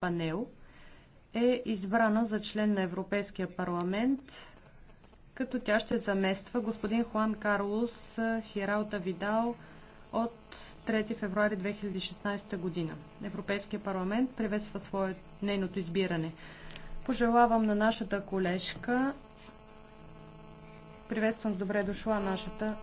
Панел е избрана за член на Европейския парламент, като тя ще замества господин Хуан Карлос Хиралта Видал от 3 февруари 2016 година. Европейския парламент приветства свое, нейното избиране. Пожелавам на нашата колежка, приветствам с добре дошла нашата